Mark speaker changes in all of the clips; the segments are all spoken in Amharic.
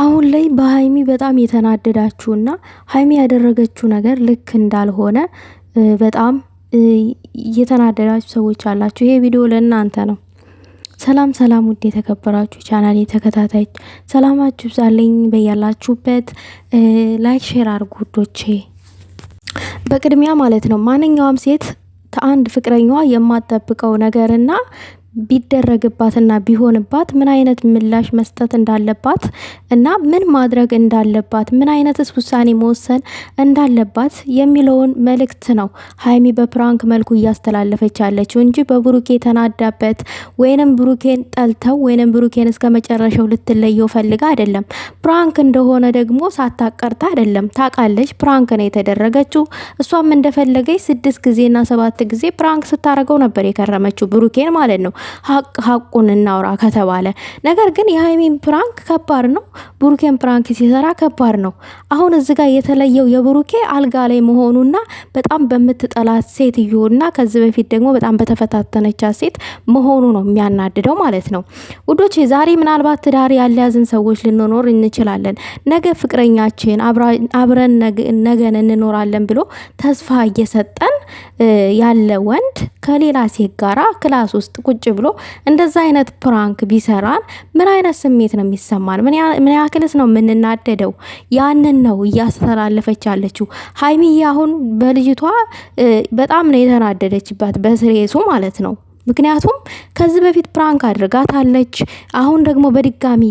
Speaker 1: አሁን ላይ በሀይሚ በጣም የተናደዳችሁና ሀይሚ ያደረገችው ነገር ልክ እንዳልሆነ በጣም የተናደዳችሁ ሰዎች አላችሁ። ይሄ ቪዲዮ ለእናንተ ነው። ሰላም ሰላም፣ ውድ የተከበራችሁ ቻናል ተከታታዮች ሰላማችሁ ብዛለኝ በያላችሁበት። ላይክ ሼር አርጉ ውዶቼ። በቅድሚያ ማለት ነው ማንኛውም ሴት ከአንድ ፍቅረኛዋ የማጠብቀው ነገርና ቢደረግባትና ቢሆንባት ምን አይነት ምላሽ መስጠት እንዳለባት እና ምን ማድረግ እንዳለባት ምን አይነትስ ውሳኔ መወሰን እንዳለባት የሚለውን መልእክት ነው ሀይሚ በፕራንክ መልኩ እያስተላለፈች ያለችው እንጂ በብሩኬ የተናዳበት ወይንም ብሩኬን ጠልተው ወይንም ብሩኬን እስከ መጨረሻው ልትለየው ፈልጋ አይደለም። ፕራንክ እንደሆነ ደግሞ ሳታቀርታ አይደለም። ታውቃለች፣ ፕራንክ ነው የተደረገችው። እሷም እንደፈለገች ስድስት ጊዜና ሰባት ጊዜ ፕራንክ ስታረገው ነበር የከረመችው ብሩኬን ማለት ነው። ሀቅ ሀቁን እናውራ ከተባለ ነገር ግን የሀይሚን ፕራንክ ከባድ ነው። ብሩኬን ፕራንክ ሲሰራ ከባድ ነው። አሁን እዚ ጋር የተለየው የብሩኬ አልጋ ላይ መሆኑና በጣም በምትጠላት ሴትዮና ከዚህ በፊት ደግሞ በጣም በተፈታተነቻ ሴት መሆኑ ነው የሚያናድደው ማለት ነው። ውዶች ዛሬ ምናልባት ትዳር ያለያዝን ሰዎች ልንኖር እንችላለን። ነገ ፍቅረኛችን አብረን ነገን እንኖራለን ብሎ ተስፋ እየሰጠን ያለ ወንድ ከሌላ ሴት ጋራ ክላስ ውስጥ ቁጭ ብሎ እንደዛ አይነት ፕራንክ ቢሰራን ምን አይነት ስሜት ነው የሚሰማን? ምን ያክልስ ነው የምንናደደው? ያንን ነው እያስተላለፈች ያለችው ሀይሚዬ። አሁን በልጅቷ በጣም ነው የተናደደችባት፣ በስሬሱ ማለት ነው። ምክንያቱም ከዚህ በፊት ፕራንክ አድርጋታለች። አሁን ደግሞ በድጋሚ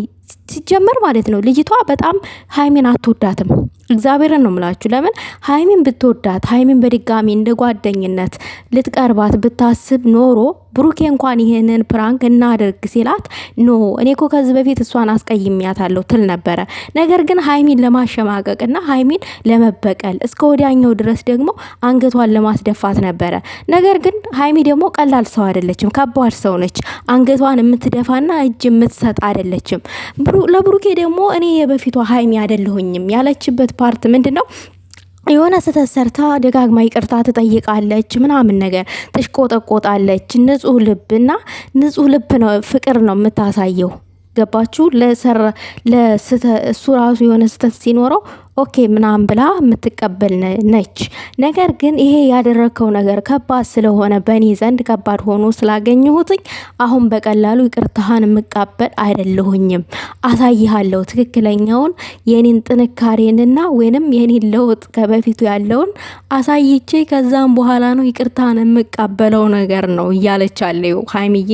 Speaker 1: ሲጀመር ማለት ነው ልጅቷ በጣም ሀይሚን አትወዳትም። እግዚአብሔርን ነው ምላችሁ። ለምን ሀይሚን ብትወዳት ሀይሚን በድጋሚ እንደ ጓደኝነት ልትቀርባት ብታስብ ኖሮ ብሩኬ እንኳን ይህንን ፕራንክ እናደርግ ሲላት ኖ እኔ ኮ ከዚህ በፊት እሷን አስቀይሜያታለሁ ትል ነበረ። ነገር ግን ሀይሚን ለማሸማቀቅና ሀይሚን ለመበቀል እስከ ወዲያኛው ድረስ ደግሞ አንገቷን ለማስደፋት ነበረ። ነገር ግን ሀይሚ ደግሞ ቀላል ሰው አይደለችም፣ ከባድ ሰው ነች። አንገቷን የምትደፋና እጅ የምትሰጥ አይደለችም። ለብሩኬ ደግሞ እኔ የበፊቷ ሀይሚ አይደለሁኝም ያለችበት ፓርት ምንድን ነው? የሆነ ስህተት ሰርታ ደጋግማ ይቅርታ ትጠይቃለች፣ ምናምን ነገር ትሽቆጠቆጣለች። ንጹህ እና ንጹህ ልብ ነው ፍቅር ነው የምታሳየው። ገባችሁ? ለሰራ እሱ ራሱ የሆነ ስህተት ሲኖረው ኦኬ ምናምን ብላ የምትቀበል ነች። ነገር ግን ይሄ ያደረግከው ነገር ከባድ ስለሆነ በእኔ ዘንድ ከባድ ሆኖ ስላገኘሁትኝ አሁን በቀላሉ ይቅርታህን የምቃበል አይደለሁኝም። አሳይሃለሁ ትክክለኛውን የኔን ጥንካሬንና ወይንም የኔን ለውጥ ከበፊቱ ያለውን አሳይቼ ከዛም በኋላ ነው ይቅርታህን የምቃበለው ነገር ነው እያለቻለሁ ሀይሚዬ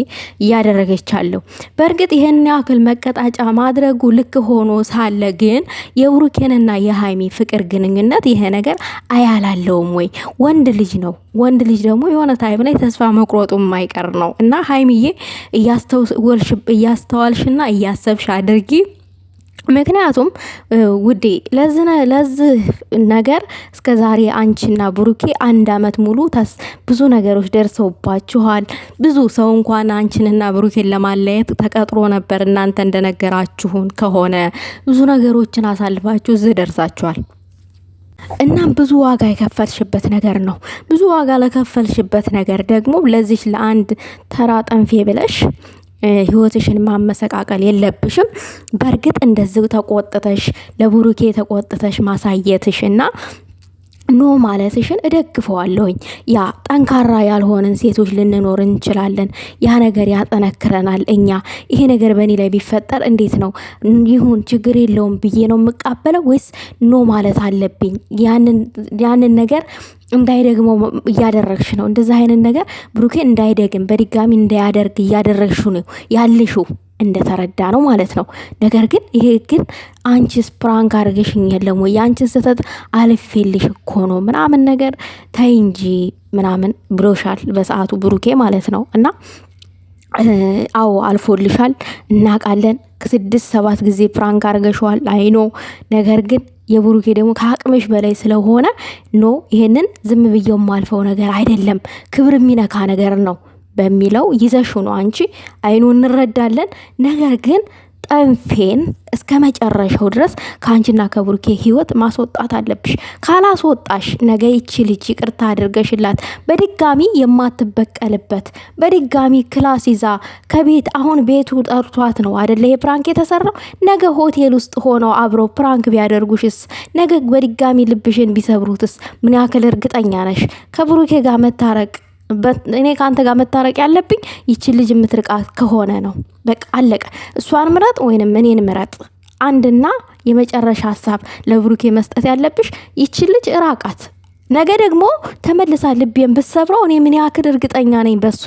Speaker 1: እያደረገቻለሁ። በእርግጥ ይህን ያክል መቀጣጫ ማድረጉ ልክ ሆኖ ሳለ ግን የብሩኬንና ሀይሚ ፍቅር ግንኙነት ይሄ ነገር አያላለውም ወይ? ወንድ ልጅ ነው። ወንድ ልጅ ደግሞ የሆነ ታይም ላይ ተስፋ መቁረጡ የማይቀር ነው እና ሀይሚዬ እያስተዋልሽና እያሰብሽ አድርጊ። ምክንያቱም ውዴ ለዚህ ነገር እስከ ዛሬ አንቺና ብሩኬ አንድ አመት ሙሉ ብዙ ነገሮች ደርሰውባችኋል። ብዙ ሰው እንኳን አንቺንና ብሩኬን ለማለየት ተቀጥሮ ነበር። እናንተ እንደነገራችሁን ከሆነ ብዙ ነገሮችን አሳልፋችሁ እዚህ ደርሳችኋል። እናም ብዙ ዋጋ የከፈልሽበት ነገር ነው። ብዙ ዋጋ ለከፈልሽበት ነገር ደግሞ ለዚች ለአንድ ተራ ጠንፌ ብለሽ ህይወትሽን ማመሰቃቀል የለብሽም። በእርግጥ እንደዚህ ተቆጥተሽ ለቡሩኬ ተቆጥተሽ ማሳየትሽ እና ኖ ማለትሽን እደግፈዋለሁኝ። ያ ጠንካራ ያልሆንን ሴቶች ልንኖር እንችላለን። ያ ነገር ያጠነክረናል። እኛ ይሄ ነገር በእኔ ላይ ቢፈጠር እንዴት ነው ይሁን ችግር የለውም ብዬ ነው የምቃበለው ወይስ ኖ ማለት አለብኝ? ያንን ነገር እንዳይደግሞ እያደረግሽ ነው። እንደዚህ አይነት ነገር ብሩኬ እንዳይደግም በድጋሚ እንዳያደርግ እያደረግሽ ነው ያልሽው። እንደተረዳ ነው ማለት ነው። ነገር ግን ይሄ ግን አንቺስ ፕራንክ አድርገሽኝ የለም ወይ የአንቺን ስህተት አልፌልሽ እኮ ነው ምናምን ነገር ተይ እንጂ ምናምን ብሎሻል በሰዓቱ ብሩኬ ማለት ነው እና አዎ አልፎልሻል፣ እናቃለን። ከስድስት ሰባት ጊዜ ፕራንክ አድርገሸዋል አይኖ። ነገር ግን የብሩኬ ደግሞ ከአቅምሽ በላይ ስለሆነ ኖ፣ ይሄንን ዝም ብዬው የማልፈው ነገር አይደለም፣ ክብር የሚነካ ነገር ነው። በሚለው ይዘሹ ነው አንቺ አይኑ እንረዳለን። ነገር ግን ጠንፌን እስከ መጨረሻው ድረስ ከአንቺና ከብሩኬ ህይወት ማስወጣት አለብሽ። ካላስወጣሽ ነገ ይቺ ልጅ ይቅርታ አድርገሽላት በድጋሚ የማትበቀልበት በድጋሚ ክላስ ይዛ ከቤት አሁን ቤቱ ጠርቷት ነው አደለ? የፕራንክ ፕራንክ የተሰራው ነገ ሆቴል ውስጥ ሆነው አብረው ፕራንክ ቢያደርጉሽስ? ነገ በድጋሚ ልብሽን ቢሰብሩትስ? ምን ያክል እርግጠኛ ነሽ ከብሩኬ ጋር መታረቅ እኔ ከአንተ ጋር መታረቅ ያለብኝ ይቺ ልጅ የምትርቃት ከሆነ ነው። በቃ አለቀ። እሷን ምረጥ ወይንም እኔን ምረጥ። አንድና የመጨረሻ ሀሳብ ለብሩኬ መስጠት ያለብሽ ይቺ ልጅ እራቃት። ነገ ደግሞ ተመልሳ ልቤን ብትሰብረው እኔ ምን ያክል እርግጠኛ ነኝ በሷ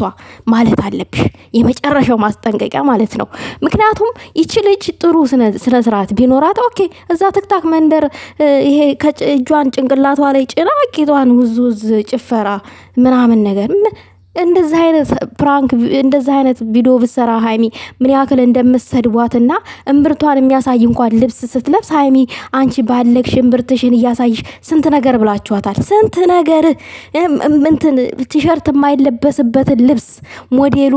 Speaker 1: ማለት አለብሽ። የመጨረሻው ማስጠንቀቂያ ማለት ነው። ምክንያቱም ይቺ ልጅ ጥሩ ስነ ስርዓት ቢኖራት ኦኬ፣ እዛ ትክታክ መንደር ይሄ ከእጇን ጭንቅላቷ ላይ ጭና ቂጧን ውዝውዝ ጭፈራ ምናምን ነገር እንደዚህ አይነት ፕራንክ እንደዚህ አይነት ቪዲዮ ብሰራ ሀይሚ ምን ያክል እንደምትሰድቧትና እምብርቷን የሚያሳይ እንኳን ልብስ ስትለብስ ሀይሚ አንቺ ባለግሽ እምብርትሽን እያሳይሽ ስንት ነገር ብላችኋታል። ስንት ነገር እንትን ቲሸርት የማይለበስበትን ልብስ ሞዴሉ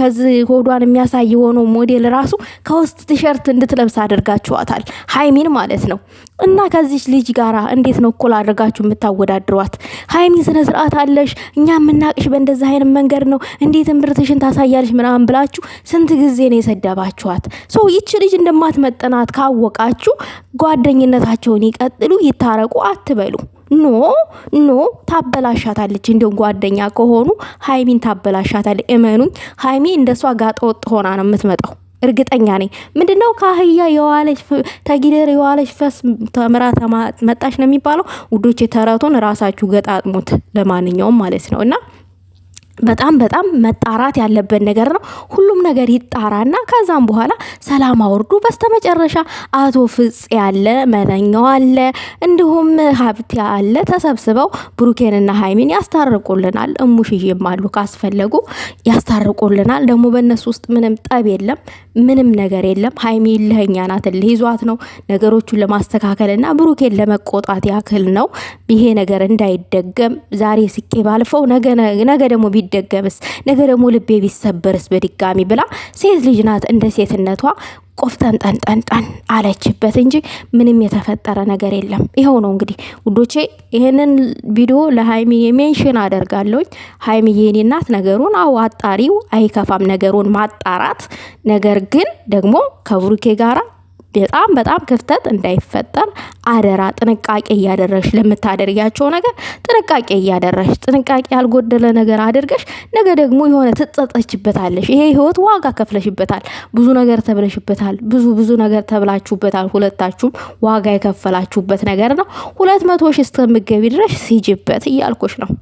Speaker 1: ከዚህ ሆዷን የሚያሳይ ሆኖ ሞዴል ራሱ ከውስጥ ቲሸርት እንድትለብስ አድርጋችኋታል ሀይሚን ማለት ነው። እና ከዚች ልጅ ጋር እንዴት ነው እኩል አድርጋችሁ የምታወዳድሯት? ሀይሚ ስነ አለሽ። እኛ የምናቅሽ በእንደዚህ አይነት የሚገርም መንገድ ነው። እንዴት ብርትሽን ታሳያለሽ ምናምን ብላችሁ ስንት ጊዜ ነው የሰደባችኋት? ይቺ ልጅ እንደማትመጠናት ካወቃችሁ ጓደኝነታቸውን ይቀጥሉ፣ ይታረቁ አትበሉ። ኖ ኖ ታበላሻታለች። እንዲሁም ጓደኛ ከሆኑ ሀይሚን ታበላሻታለች። እመኑኝ ሀይሚ እንደሷ ጋጠ ሆና ነው የምትመጣው። እርግጠኛ ነኝ። ምንድን ነው ከአህያ የዋለች ተጊደር የዋለች ፈስ ተምራ መጣች ነው የሚባለው። ውዶች፣ የተረቱን ራሳችሁ ገጣጥሙት። ለማንኛውም ማለት ነው እና በጣም በጣም መጣራት ያለበት ነገር ነው። ሁሉም ነገር ይጣራና ከዛም በኋላ ሰላም አውርዱ። በስተመጨረሻ አቶ ፍጽ ያለ መለኛው አለ እንዲሁም ሀብት አለ ተሰብስበው ብሩኬንና ሀይሚን ያስታርቁልናል። እሙሽዬም አሉ ካስፈለጉ ያስታርቁልናል። ደግሞ በእነሱ ውስጥ ምንም ጠብ የለም፣ ምንም ነገር የለም። ሀይሚ ልህኛ ናት፣ ነው ነገሮቹን ለማስተካከልና ብሩኬን ለመቆጣት ያክል ነው። ይሄ ነገር እንዳይደገም ዛሬ ስቄ ባልፈው ነገ ደግሞ ቢደገምስ ነገ ደግሞ ልቤ ቢሰበርስ በድጋሚ ብላ ሴት ልጅ ናት እንደ ሴትነቷ ቆፍጠን ጠንጠንጠን አለችበት እንጂ ምንም የተፈጠረ ነገር የለም። ይኸው ነው እንግዲህ ውዶቼ፣ ይህንን ቪዲዮ ለሀይሚዬ ሜንሽን አደርጋለሁኝ። ሀይሚዬ የኔ እናት ነገሩን አው አጣሪው አይከፋም ነገሩን ማጣራት ነገር ግን ደግሞ ከብሩኬ ጋራ በጣም በጣም ክፍተት እንዳይፈጠር አደራ ጥንቃቄ እያደረግሽ ለምታደርጊያቸው ነገር ጥንቃቄ እያደረግሽ ጥንቃቄ ያልጎደለ ነገር አድርገሽ ነገ ደግሞ የሆነ ትጸጸችበታለሽ። ይሄ ህይወት ዋጋ ከፍለሽበታል። ብዙ ነገር ተብለሽበታል። ብዙ ብዙ ነገር ተብላችሁበታል። ሁለታችሁም ዋጋ የከፈላችሁበት ነገር ነው። ሁለት መቶ ሺህ እስከምገቢ ድረስ ሲጅበት እያልኩሽ ነው።